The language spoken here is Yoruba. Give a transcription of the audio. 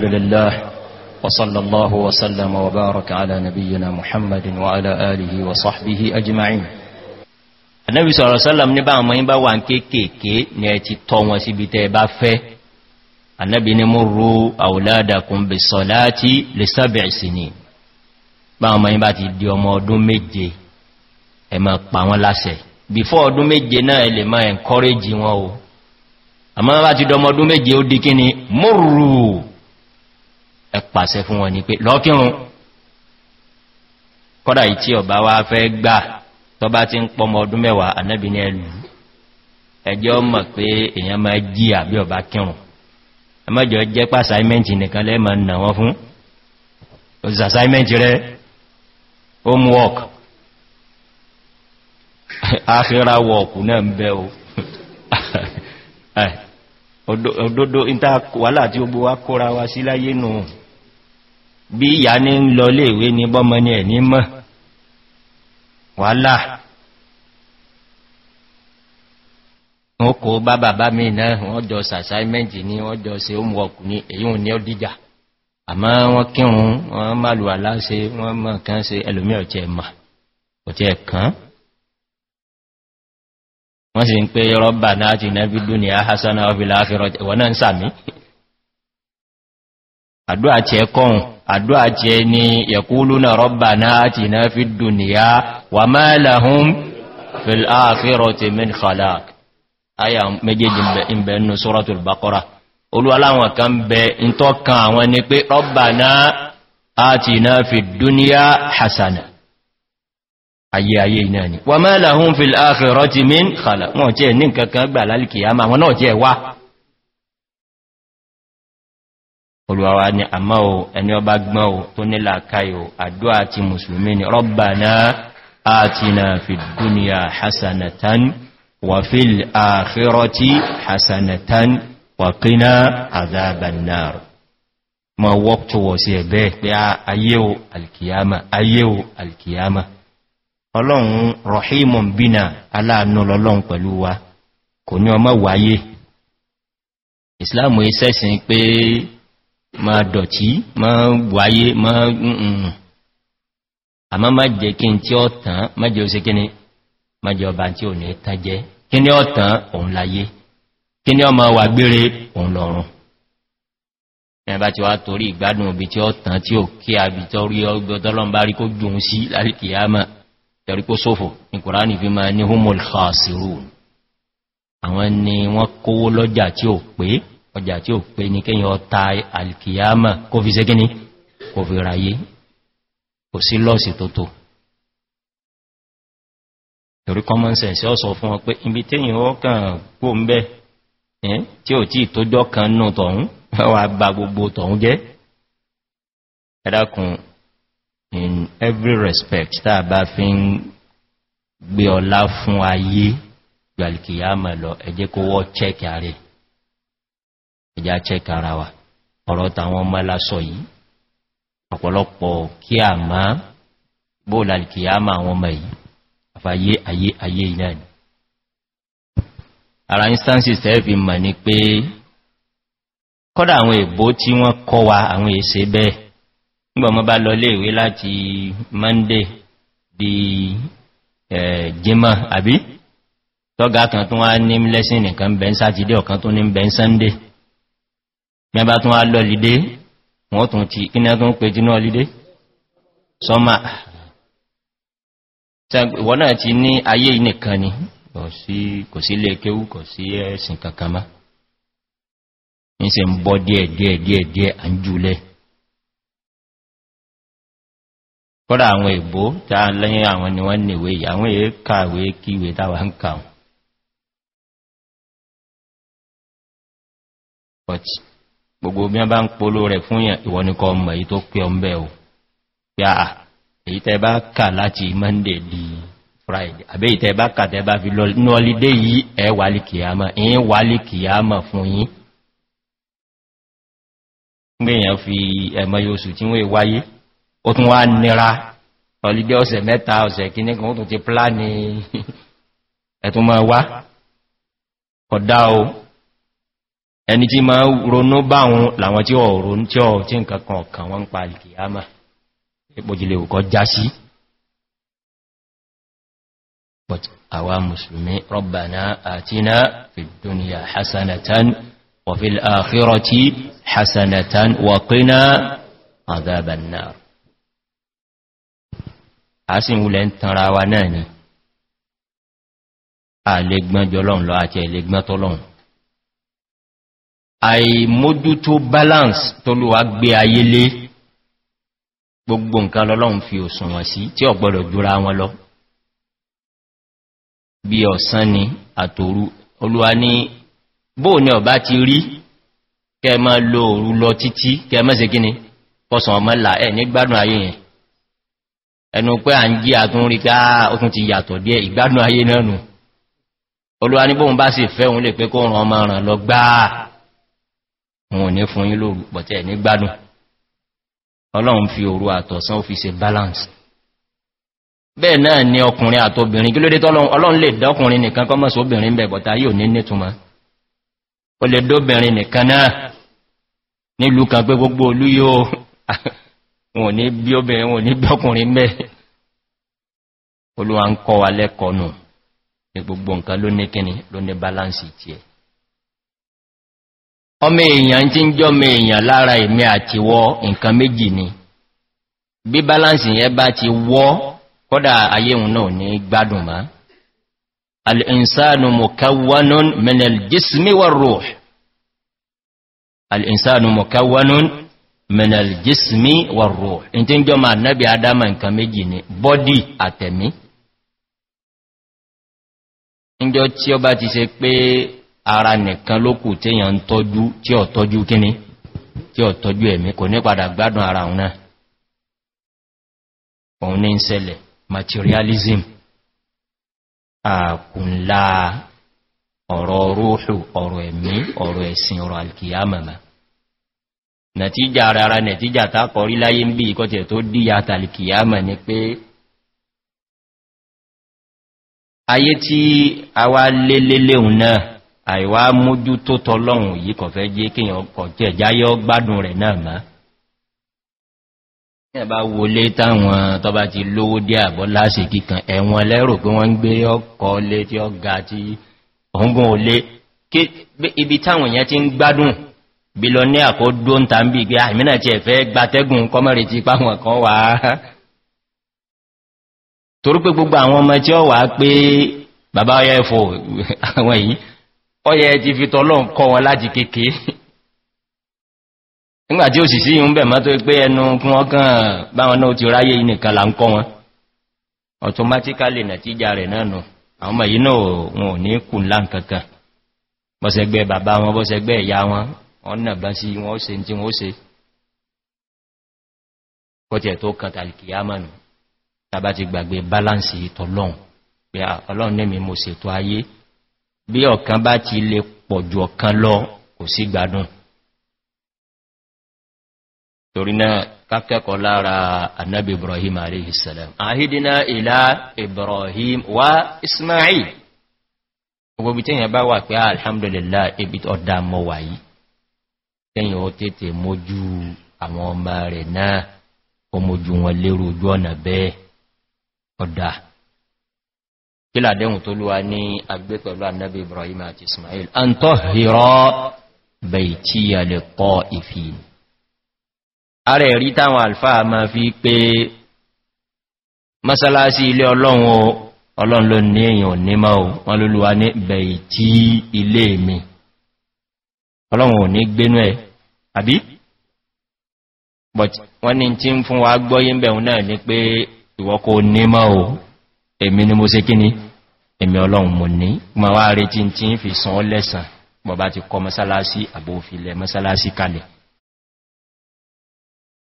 لله وصلى الله وسلم وبارك على نبينا محمد وعلى آله وصحبه أجمعين النبي صلى الله عليه وسلم نبا مهم با وان كيكيكي نيتي طوما سيبتي با في النبي نمر أولادكم بالصلاة لسبع سنين با مهم با تي ديوم ọdún méje ẹ ma pa wọn láṣẹ before ọdún méje náà ẹ lè ma encourage wọn o àmọ́ bá ti dọmọdún méje ó dí kí ni mọ́rùn ẹ pàṣẹ fún wọn ni pé lọ́kírun kọ́dà ìtí ọ̀bá wá fẹ́ gbà tọ́bá ti ń pọmọ ọdún mẹ́wàá ànábì ní ẹlù ẹjọ́ mọ̀ pé èyàn máa jí àbí ọ̀bá kírùn ẹmọ́jọ jẹ́ pà nìkan lẹ́mọ̀ nà wọ́n fún òsìsà sáímẹ́ntì rẹ̀ homework áhírá wọ̀ọ̀kù náà ń bẹ́ o òdòdó ìta wàhálà tí ó gbówá kóra wa bí ìyá ní ń lọ léèwé ní bọ́mọ ní ẹ̀ ní mọ́ wàhálà wọ́n kò bá bàbá mi náà wọ́n jọ sàṣáìmẹ́ntì ní wọ́n jọ se oòmù ọkù ní èyíun ní ọdíjà àmá wọ́n kírun wọ́n má lù aláṣẹ wọ́n mọ̀ kán se ẹlòmí ọ̀tẹ́ mà ọ̀tẹ́ kan wọ́n sì ń pé rọ́bà náà ti nẹ́bí dúnìá hassan abdullahi wọ́n náà ń sàmí àdúrà tí ẹ kọ́hùn àdúwà tí ẹ ni yẹ̀kúlú na rọ́bà náà ti na fi dùnìyà wà máa lahun fil'afiroti min khalaq aya méjèèjì ìbẹ̀ inú sọ́rọ̀tù bakọ́ra olúwaláwọn kan bẹ in tó kan àwọn ni pé rọ́bà náà a ti na fi dùnìyà hasana ayé ayé iná ni wà máa lahun fil'afiroti min khalaq wọ́n tí ẹ ní nǹkan kan gbà lálìkìyàmà wọn náà tí ẹ wá olùwàwà ni àmá o ẹni ọba gbọ́n o tó nílà káyò àdúwà ti musulmi ni rọ́bà náà àti na fi dúnìyà hasanatan wà fíl àfírọ́tí hasanatan wà kíná àzábànáà ma work towards ẹ̀bẹ́ pé ah, ayé o alkiyama ayé alkiyama ọlọ́run rọ̀hímọ̀ bínà aláàánú lọ́lọ́run pẹ̀lú wa kò ní ọmọ wáyé ìsìláàmù isẹ́sìn pé ma dọ̀tí ma wáyé ma ǹǹ àmá má jẹ́ kí n tí ó tàn má jẹ́ ó sí kíní má jẹ́ ọba tí ò ní tán jẹ́ kíní ó tàn òun láyé kíní ọmọ wà gbére òun lọ́run ẹ̀bá ti wá torí ìgbádùn òbí tí ó tàn tí ó kí àbí tọrí ni wọ́n kówó lọ́jà ọjà tí ó pé ní kíyàn ọta alkiyama kó fi ségíní kò fi ráyé kò sí lọ́sì tó tó torí common sense ọ sọ fún ọ pé ibi tíyàn ó kàn pò ń bẹ́ tí ò tí ìtójọ́ kan nù tọ̀hún wà bá gbogbo tọ̀hún jẹ́ ẹ̀dàkùn in every respect táà bá fi ń gbé ọlá fún ayé gbàlìkìyàmà lọ ẹjẹ́ kó wọ́ chẹ́kì ààrẹ ìjà check ara wa ọ̀rọ̀ tàwọn ọmọ lásọ yìí ọ̀pọ̀lọpọ̀ kí a má bóòlà kì á máa wọn mọ̀ yìí àfàyé ayé ayé ìyá ni ara instances tẹ́ẹ̀fì mọ̀ ní pé kọ́dà àwọn èbó tí wọ́n kọ́ wa àwọn èsè bẹ́ẹ̀ nígbàmọ́ bá lọ léèwé láti monday di jimá àbí tọ́gá kan tó wá ní lẹ́sìn nìkan bẹ́ẹ̀ sátidé ọ̀kan tó ní bẹ́ẹ̀ sunday mẹ́bá tún wá lọ lìdé wọ́n tún ti kí ní ọdún jínú ọlìdé sọ́mà náà ti ní ayé nìkan ni kò sí lè kéwú kò sí ní se ń bọ́ díẹ̀ díẹ̀ díẹ̀ díẹ̀ gbogbo bí wọ́n bá ń polo rẹ̀ fún yàn ìwọ ní kọ mọ̀ èyí tó pẹ́ ọmọ ò yá èyí tẹ́ bá kà láti monday di friday àbẹ́ ìtẹ́ bá kà tẹ́ bá fi nọ́lídé yìí ẹ wàlì kìyàmà ìyìn wàlì kìyàmà fún yí gbìyàn fi ẹ̀mọ̀ yóòsù tí wọ́n wáyé ó tún wá nira nọ́lídé ẹni tí ma ronú bá wọn làwọn tí ọ̀rọ̀ tí ọ̀ tí nǹkan kan ọ̀kan wọ́n ń pa ìkìyàmà ìpòjìlẹ̀ òkọ́ já sí but àwa musulmi rọ́bàná àtíná fìdúnìyà hassanatan wàfil àfírọtí hassanatan wàkínà àdábànà a sì ń wulẹ̀ ń tanra wa náà ni a lè gbọ́n jọlọ́n lọ àti ẹ̀lẹ́gbọ́n tọ́lọ́run àìmójútó balance tolúwa gbé ayé lé gbogbo nǹkan lọ́lọ́run fi òsùn wọ̀n sí tí ọ̀gbọ́dọ̀ jura wọn lọ bí ọ̀sán ni àtòrú olúwa ní bóò ní ọ̀bá ti rí kẹ mọ́ lo òru lọ títí kẹ mọ́ sí gíní pọ̀sàn ọmọ là ẹ̀ ní gbádùn ayé yẹn ẹnu pé à ń jí àtún rí ká okùn ti yàtọ̀ díẹ̀ ìgbádùn ayé náà nù olúwa ní bóun bá sì fẹ́ òun lè pé kó ràn ọmọ ràn lọ gbáà wọn ò ní fún yín lóòrù pọ̀tẹ́ ní gbádùn ọlọ́run fi òru àtọ̀sán ó fi se balance bẹ́ẹ̀ náà ni ọkùnrin àtọbìnrin kí ló dé tọ́lọ́run ọlọ́run lè dọ́kùnrin nìkan kọ́ mọ́sí obìnrin bẹ̀ bọ̀ta yóò ní nítùmọ̀ ó lè dóbìnrin nìkan náà nílùú kan pé gbogbo olú yóò wọn ní bí balance tiẹ̀ ọmọ èèyàn tí ń jọmọ èèyàn lára ìmẹ́ àti wọ nǹkan méjì ni bí balansi yẹn bá ti wọ́ kọ́dà ayéhun náà ní gbádùn má al'insanu mọ̀káwánún mẹ́nẹ̀l jísmi wà rọ̀ al'insanu mọ̀káwánún mẹ́nẹ̀l jísmi wà rọ̀ in tí ń jọmọ annabi adama nǹkan méjì ni bọ́dì àtẹ̀mí ìjọ tí ó bá ti se pé ara nìkan lókù tí èyàn ń tọ́jú tí ọ̀ tọ́jú kíní tí ọ̀ tọ́jú ẹ̀mí kò ní padà gbádùn ara òun náà ní ń sẹlẹ̀ materialism àkùnlá ọ̀rọ̀ rúhù ọ̀rọ̀ ẹ̀mí ọ̀rọ̀ ẹ̀sìn ọ̀rọ̀ alkiyamama nàtíjà ara nàtíjà tákọrí láyé ń bí ìkọ́tẹ̀ tó díyà tàlìkìyàmà ni pé ayé tí a wá lélélé òun náà àìwá mójú tó tọ́lọ́run yìí kọ̀ fẹ́ jẹ́ kí èyàn kọ̀ jẹ́ jáyọ́ gbádùn rẹ̀ náà má ní ẹ̀bá wọlé táwọn tọba ti lówó dí àbọ́ láṣẹ kíkan ẹ̀wọ̀n lẹ́rò pé wọ́n ń gbé ọkọ̀ lé tí ó ga tí ọ̀húngún olé ibi táwọn èyàn ti ń gbádùn bí lọ ní àkódó bàbá ọyá ẹ̀fọ́ àwọn yìí ọyẹ ti fi tọ́lọ́n kọ́ wọn láti kéèké nígbàtí òsìsí yìí ń bẹ̀ mọ́tò pé ẹnu fún ọkàn báwọn náà ti ráyé nìkan là ń kọ́ wọn automatically nàtíjà rẹ̀ náà àwọn ọmọ yìí náà wọn ò ní kù ńlá bọ́sẹ̀gbẹ́ bàbá wọn bọ́sẹ̀gbẹ́ ìyá wọn wọ́n nà bá sí wọ́n ó tí wọ́n ó kọ́tẹ̀ tó kan tàlìkìyámánu tàbá ti gbàgbé balance ìtọ̀lọ́un pé ọlọ́run ní mo sètò ayé bí ọ̀kan bá ti lè pọ̀jù ọ̀kan lọ kò sí gbádùn torí náà kákẹ́kọ̀ọ́ lára annabi ibrahim aleyhisselam ahidina ilá ibrahim wa ismail gbogbo tíyàn bá wà pé ah, alhamdulillah ibi ọ̀dá mọ́ wà yìí tíyàn ó tètè mójú àwọn ọmọ rẹ̀ náà ó mójú wọn lérò ojú ọ̀nà bẹ́ẹ̀ ọ̀dá kí làdéhùn tó lúwa ní agbé pẹ̀lú annabi ibrahim àti ismail an tó hìrọ bẹ̀ìtíyà lè pọ̀ ìfì ara ẹ̀rí táwọn alfáà ma fi pé masalasi ilé ọlọ́run o ọlọ́run ló ní èyàn ní máa wọn lólúwa ní bẹ̀ìtí ilé mi ọlọ́run ò ní gbénú ẹ̀ àbí wọ́n ni tí ń fún wa gbọ́yé èmi ni mo se kí ni èmi ọlọ́run mo ní ma wá retí tí ń fi san lẹ́sàn bọ̀bá ti kọ mọ́sálásí àbò mọ́sálásí kalẹ̀